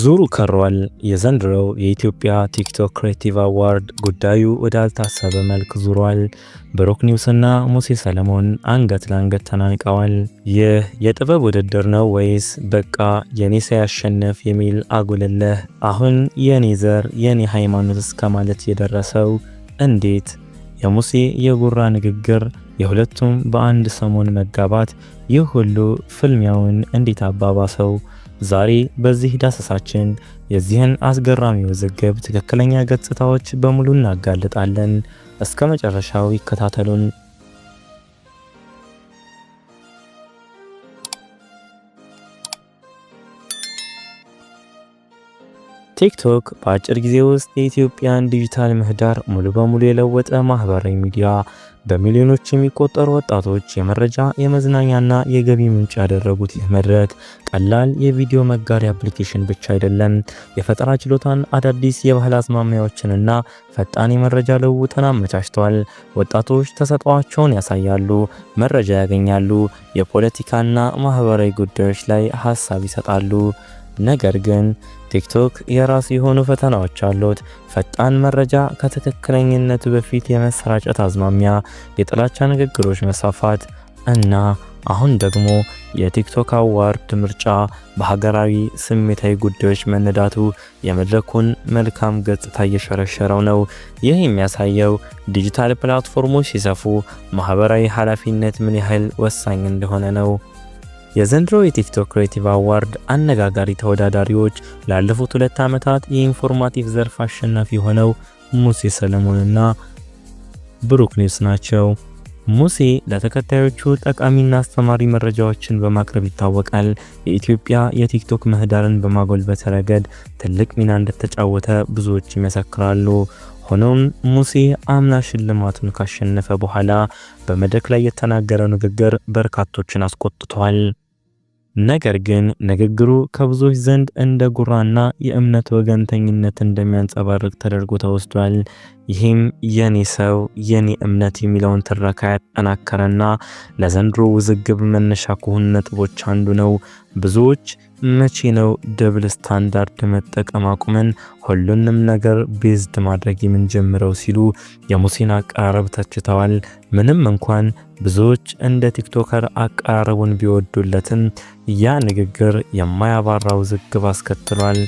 ዙሩ ከሯል። የዘንድሮው የኢትዮጵያ ቲክቶክ ክሬቲቭ አዋርድ ጉዳዩ ወዳልታሰበ መልክ ዙሯል። ብሩክ ኒውስና ሙሴ ሰለሞን አንገት ለአንገት ተናንቀዋል። ይህ የጥበብ ውድድር ነው ወይስ በቃ የኔ ሳያሸንፍ የሚል አጉልለህ አሁን የኔ ዘር የኔ ሃይማኖት እስከ ማለት የደረሰው እንዴት? የሙሴ የጉራ ንግግር፣ የሁለቱም በአንድ ሰሞን መጋባት፣ ይህ ሁሉ ፍልሚያውን እንዴት አባባሰው? ዛሬ በዚህ ዳሰሳችን የዚህን አስገራሚ ውዝግብ ትክክለኛ ገጽታዎች በሙሉ እናጋልጣለን። እስከ መጨረሻው ይከታተሉን። ቲክቶክ በአጭር ጊዜ ውስጥ የኢትዮጵያን ዲጂታል ምህዳር ሙሉ በሙሉ የለወጠ ማህበራዊ ሚዲያ በሚሊዮኖች የሚቆጠሩ ወጣቶች የመረጃ የመዝናኛና የገቢ ምንጭ ያደረጉት ይህ መድረክ ቀላል የቪዲዮ መጋሪያ አፕሊኬሽን ብቻ አይደለም። የፈጠራ ችሎታን፣ አዳዲስ የባህል አዝማሚያዎችንና ፈጣን የመረጃ ልውውጥን አመቻችቷል። ወጣቶች ተሰጥኦአቸውን ያሳያሉ፣ መረጃ ያገኛሉ፣ የፖለቲካና ማህበራዊ ጉዳዮች ላይ ሀሳብ ይሰጣሉ። ነገር ግን ቲክቶክ የራሱ የሆኑ ፈተናዎች አሉት። ፈጣን መረጃ ከትክክለኝነቱ በፊት የመሰራጨት አዝማሚያ፣ የጥላቻ ንግግሮች መስፋፋት እና አሁን ደግሞ የቲክቶክ አዋርድ ምርጫ በሀገራዊ ስሜታዊ ጉዳዮች መነዳቱ የመድረኩን መልካም ገጽታ እየሸረሸረው ነው። ይህ የሚያሳየው ዲጂታል ፕላትፎርሞች ሲሰፉ ማህበራዊ ኃላፊነት ምን ያህል ወሳኝ እንደሆነ ነው። የዘንድሮ የቲክቶክ ክሬቲቭ አዋርድ አነጋጋሪ ተወዳዳሪዎች ላለፉት ሁለት ዓመታት የኢንፎርማቲቭ ዘርፍ አሸናፊ የሆነው ሙሴ ሰለሞንና ብሩክ ኒውስ ናቸው። ሙሴ ለተከታዮቹ ጠቃሚና አስተማሪ መረጃዎችን በማቅረብ ይታወቃል። የኢትዮጵያ የቲክቶክ ምህዳርን በማጎልበት ረገድ ትልቅ ሚና እንደተጫወተ ብዙዎች ይመሰክራሉ። ሆኖም ሙሴ አምና ሽልማቱን ካሸነፈ በኋላ በመድረክ ላይ የተናገረው ንግግር በርካቶችን አስቆጥቷል። ነገር ግን ንግግሩ ከብዙዎች ዘንድ እንደ ጉራና የእምነት ወገንተኝነት እንደሚያንጸባርቅ ተደርጎ ተወስዷል። ይህም የኔ ሰው የኔ እምነት የሚለውን ትረካ ያጠናከረና ለዘንድሮ ውዝግብ መነሻ ከሆኑ ነጥቦች አንዱ ነው። ብዙዎች መቼ ነው ደብል ስታንዳርድ መጠቀም አቁመን ሁሉንም ነገር ቤዝድ ማድረግ የምንጀምረው ሲሉ የሙሴን አቀራረብ ተችተዋል። ምንም እንኳን ብዙዎች እንደ ቲክቶከር አቀራረቡን ቢወዱለትም ያ ንግግር የማያባራ ውዝግብ አስከትሏል።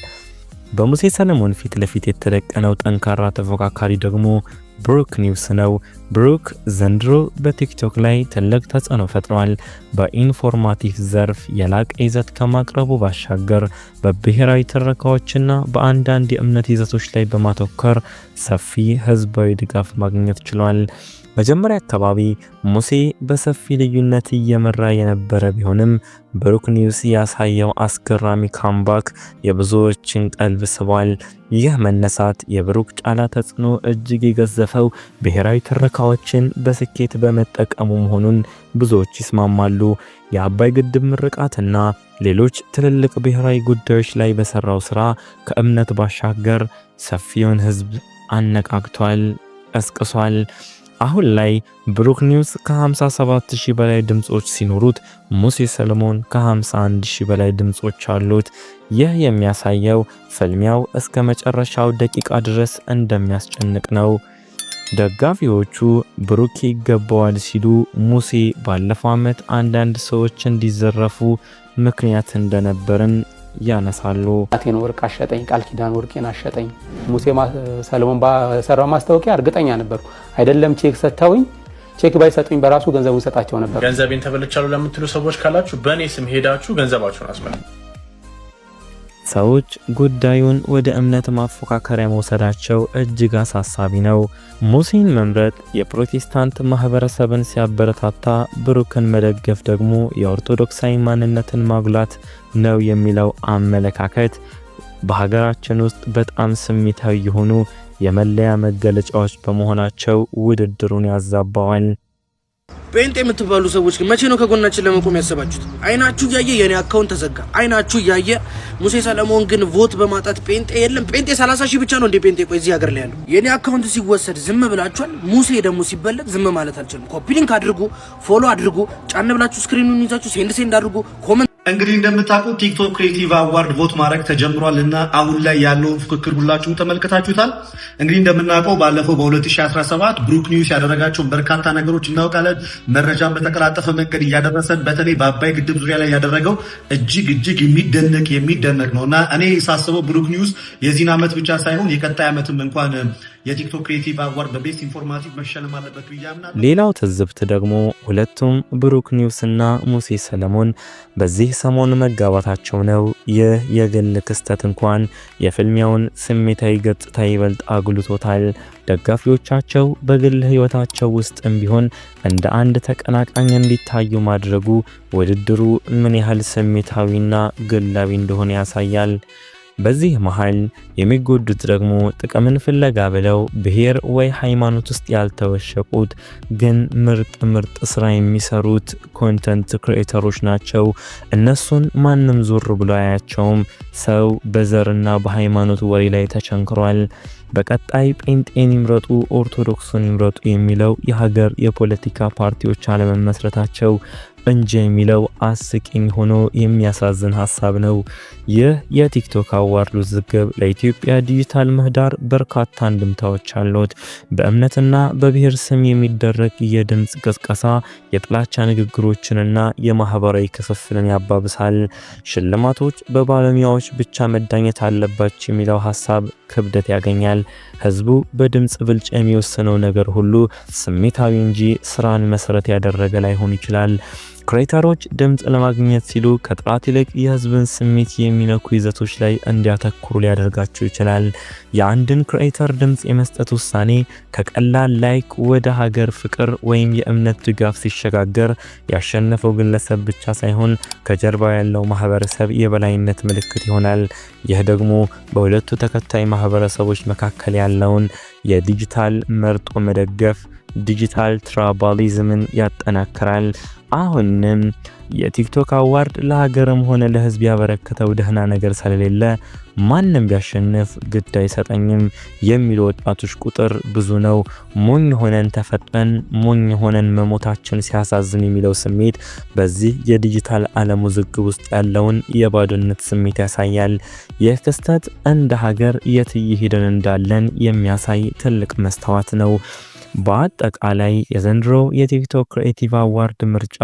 በሙሴ ሰለሞን ፊት ለፊት የተደቀነው ጠንካራ ተፎካካሪ ደግሞ ብሩክ ኒውስ ነው። ብሩክ ዘንድሮ በቲክቶክ ላይ ትልቅ ተጽዕኖ ፈጥሯል። በኢንፎርማቲቭ ዘርፍ የላቀ ይዘት ከማቅረቡ ባሻገር በብሔራዊ ትረካዎችና በአንዳንድ የእምነት ይዘቶች ላይ በማተኮር ሰፊ ህዝባዊ ድጋፍ ማግኘት ችሏል። መጀመሪያ አካባቢ ሙሴ በሰፊ ልዩነት እየመራ የነበረ ቢሆንም ብሩክ ኒውስ ያሳየው አስገራሚ ካምባክ የብዙዎችን ቀልብ ስቧል። ይህ መነሳት የብሩክ ጫላ ተጽዕኖ እጅግ የገዘፈው ብሔራዊ ትረካዎችን በስኬት በመጠቀሙ መሆኑን ብዙዎች ይስማማሉ። የአባይ ግድብ ምርቃትና ሌሎች ትልልቅ ብሔራዊ ጉዳዮች ላይ በሰራው ስራ ከእምነት ባሻገር ሰፊውን ህዝብ አነቃቅቷል፣ ቀስቅሷል። አሁን ላይ ብሩክ ኒውስ ከ57000 በላይ ድምጾች ሲኖሩት ሙሴ ሰለሞን ከ51000 በላይ ድምጾች አሉት። ይህ የሚያሳየው ፍልሚያው እስከ መጨረሻው ደቂቃ ድረስ እንደሚያስጨንቅ ነው። ደጋፊዎቹ ብሩክ ይገባዋል ሲሉ ሙሴ ባለፈው ዓመት አንዳንድ ሰዎች እንዲዘረፉ ምክንያት እንደነበርን ያነሳሉ። ቴን ወርቅ አሸጠኝ፣ ቃል ኪዳን ወርቄን አሸጠኝ። ሙሴ ሰለሞን በሰራው ማስታወቂያ እርግጠኛ ነበርኩ። አይደለም ቼክ ሰጥተውኝ ቼክ ባይሰጡኝ በራሱ ገንዘቡን ሰጣቸው ነበር። ገንዘቤን ተበልቻሉ ለምትሉ ሰዎች ካላችሁ በእኔ ስም ሄዳችሁ ገንዘባችሁን አስመልኩ። ሰዎች ጉዳዩን ወደ እምነት ማፎካከሪያ መውሰዳቸው እጅግ አሳሳቢ ነው። ሙሴን መምረጥ የፕሮቴስታንት ማህበረሰብን ሲያበረታታ፣ ብሩክን መደገፍ ደግሞ የኦርቶዶክሳዊ ማንነትን ማጉላት ነው የሚለው አመለካከት በሀገራችን ውስጥ በጣም ስሜታዊ የሆኑ የመለያ መገለጫዎች በመሆናቸው ውድድሩን ያዛባዋል። ጴንጤ የምትባሉ ሰዎች ግን መቼ ነው ከጎናችን ለመቆም ያሰባችሁት? አይናችሁ እያየ የኔ አካውንት ተዘጋ። አይናችሁ እያየ ሙሴ ሰለሞን ግን ቮት በማጣት ጴንጤ የለም። ጴንጤ 30 ሺህ ብቻ ነው እንዴ ጴንጤ? ቆይ እዚህ ሀገር ላይ ያለው የኔ አካውንት ሲወሰድ ዝም ብላችኋል። ሙሴ ደግሞ ሲበለጥ ዝም ማለት አልችልም። ኮፒ ሊንክ አድርጉ፣ ፎሎ አድርጉ፣ ጫን ብላችሁ ስክሪኑን ይዛችሁ ሴንድ ሴንድ አድርጉ። ኮመንት እንግዲህ እንደምታውቁት ቲክቶክ ክሬቲቭ አዋርድ ቮት ማድረግ ተጀምሯል እና አሁን ላይ ያለው ፍክክር ሁላችሁም ተመልክታችሁታል። እንግዲህ እንደምናውቀው ባለፈው በ2017 ብሩክ ኒውስ ያደረጋቸውን በርካታ ነገሮች እናውቃለን። መረጃን በተቀላጠፈ መንገድ እያደረሰን በተለይ በአባይ ግድብ ዙሪያ ላይ ያደረገው እጅግ እጅግ የሚደነቅ የሚደነቅ ነው እና እኔ ሳስበው ብሩክ ኒውስ የዚህን ዓመት ብቻ ሳይሆን የቀጣይ ዓመትም እንኳን የቲክቶክ ክሬቲቭ አዋርድ በቤስት ኢንፎርማቲቭ መሸለም አለበት ብዬ አምናለሁ። ሌላው ትዝብት ደግሞ ሁለቱም ብሩክ ኒውስና ሙሴ ሰለሞን በዚህ ሰሞን መጋባታቸው ነው። ይህ የግል ክስተት እንኳን የፍልሚያውን ስሜታዊ ገጽታ ይበልጥ አጉልቶታል። ደጋፊዎቻቸው በግል ህይወታቸው ውስጥም ቢሆን እንደ አንድ ተቀናቃኝ እንዲታዩ ማድረጉ ውድድሩ ምን ያህል ስሜታዊና ግላዊ እንደሆነ ያሳያል። በዚህ መሃል የሚጎዱት ደግሞ ጥቅምን ፍለጋ ብለው ብሔር ወይ ሃይማኖት ውስጥ ያልተወሸቁት ግን ምርጥ ምርጥ ስራ የሚሰሩት ኮንተንት ክሪኤተሮች ናቸው። እነሱን ማንም ዞር ብሎ አያቸውም። ሰው በዘርና በሃይማኖት ወሬ ላይ ተቸንክሯል። በቀጣይ ጴንጤን ይምረጡ ኦርቶዶክሱን ይምረጡ የሚለው የሀገር የፖለቲካ ፓርቲዎች አለመመስረታቸው እንጂ የሚለው አስቂኝ ሆኖ የሚያሳዝን ሀሳብ ነው። ይህ የቲክቶክ አዋርድ ውዝግብ ለኢትዮጵያ ዲጂታል ምህዳር በርካታ አንድምታዎች አሉት። በእምነትና በብሔር ስም የሚደረግ የድምፅ ቅስቀሳ የጥላቻ ንግግሮችንና የማህበራዊ ክፍፍልን ያባብሳል። ሽልማቶች በባለሙያዎች ብቻ መዳኘት አለባቸው የሚለው ሀሳብ ክብደት ያገኛል። ህዝቡ በድምፅ ብልጫ የሚወስነው ነገር ሁሉ ስሜታዊ እንጂ ስራን መሰረት ያደረገ ላይሆን ይችላል። ክሬተሮች ድምፅ ለማግኘት ሲሉ ከጥራት ይልቅ የህዝብን ስሜት የሚነኩ ይዘቶች ላይ እንዲያተኩሩ ሊያደርጋቸው ይችላል። የአንድን ክሬተር ድምፅ የመስጠት ውሳኔ ከቀላል ላይክ ወደ ሀገር ፍቅር ወይም የእምነት ድጋፍ ሲሸጋገር ያሸነፈው ግለሰብ ብቻ ሳይሆን ከጀርባ ያለው ማህበረሰብ የበላይነት ምልክት ይሆናል። ይህ ደግሞ በሁለቱ ተከታይ ማህበረሰቦች መካከል ያለውን የዲጂታል መርጦ መደገፍ ዲጂታል ትራባሊዝምን ያጠናክራል። አሁንም የቲክቶክ አዋርድ ለሀገርም ሆነ ለህዝብ ያበረከተው ደህና ነገር ስለሌለ ማንም ቢያሸንፍ ግድ አይሰጠኝም የሚሉ ወጣቶች ቁጥር ብዙ ነው። ሞኝ ሆነን ተፈጥረን ሞኝ ሆነን መሞታችን ሲያሳዝን የሚለው ስሜት በዚህ የዲጂታል ዓለም ውዝግብ ውስጥ ያለውን የባዶነት ስሜት ያሳያል። ይህ ክስተት እንደ ሀገር የት ሂደን እንዳለን የሚያሳይ ትልቅ መስታወት ነው። በአጠቃላይ የዘንድሮ የቲክቶክ ክሬቲቭ አዋርድ ምርጫ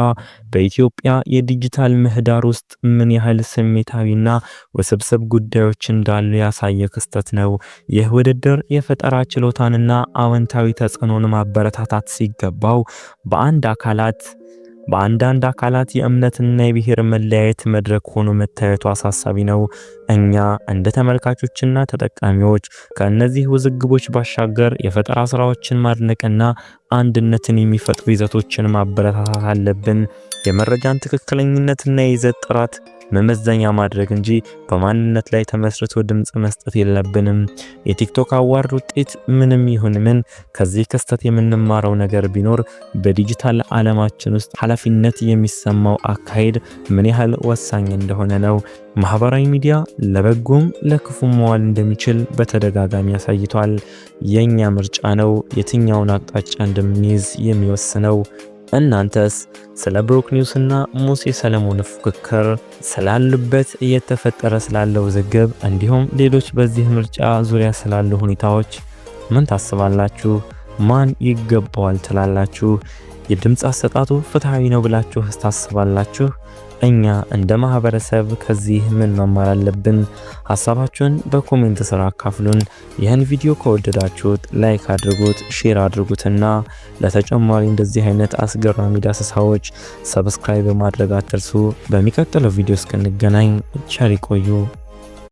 በኢትዮጵያ የዲጂታል ምህዳር ውስጥ ምን ያህል ስሜታዊና ውስብስብ ጉዳዮች እንዳሉ ያሳየ ክስተት ነው። ይህ ውድድር የፈጠራ ችሎታንና አዎንታዊ ተጽዕኖን ማበረታታት ሲገባው በአንድ አካላት በአንዳንድ አካላት የእምነትና የብሔር መለያየት መድረክ ሆኖ መታየቱ አሳሳቢ ነው። እኛ እንደ ተመልካቾችና ተጠቃሚዎች ከእነዚህ ውዝግቦች ባሻገር የፈጠራ ስራዎችን ማድነቅና አንድነትን የሚፈጥሩ ይዘቶችን ማበረታታት አለብን። የመረጃን ትክክለኝነትና የይዘት ጥራት መመዘኛ ማድረግ እንጂ በማንነት ላይ ተመስርቶ ድምፅ መስጠት የለብንም። የቲክቶክ አዋርድ ውጤት ምንም ይሁን ምን ከዚህ ክስተት የምንማረው ነገር ቢኖር በዲጂታል ዓለማችን ውስጥ ኃላፊነት የሚሰማው አካሄድ ምን ያህል ወሳኝ እንደሆነ ነው። ማህበራዊ ሚዲያ ለበጎም ለክፉም መዋል እንደሚችል በተደጋጋሚ አሳይቷል። የእኛ ምርጫ ነው የትኛውን አቅጣጫ እንደምንይዝ የሚወስነው። እናንተስ ስለ ብሩክ ኒውስና ሙሴ ሰለሞን ፉክክር ስላሉበት እየተፈጠረ ስላለው ውዝግብ እንዲሁም ሌሎች በዚህ ምርጫ ዙሪያ ስላሉ ሁኔታዎች ምን ታስባላችሁ? ማን ይገባዋል ትላላችሁ? የድምፅ አሰጣጡ ፍትሐዊ ነው ብላችሁ ታስባላችሁ? እኛ እንደ ማህበረሰብ ከዚህ ምን መማር አለብን? ሀሳባችሁን በኮሜንት ስር አካፍሉን። ይህን ቪዲዮ ከወደዳችሁት ላይክ አድርጉት፣ ሼር አድርጉትና ለተጨማሪ እንደዚህ አይነት አስገራሚ ዳሰሳዎች ሰብስክራይብ ማድረግ አትርሱ። በሚቀጥለው ቪዲዮ እስክንገናኝ ቸር ይቆዩ።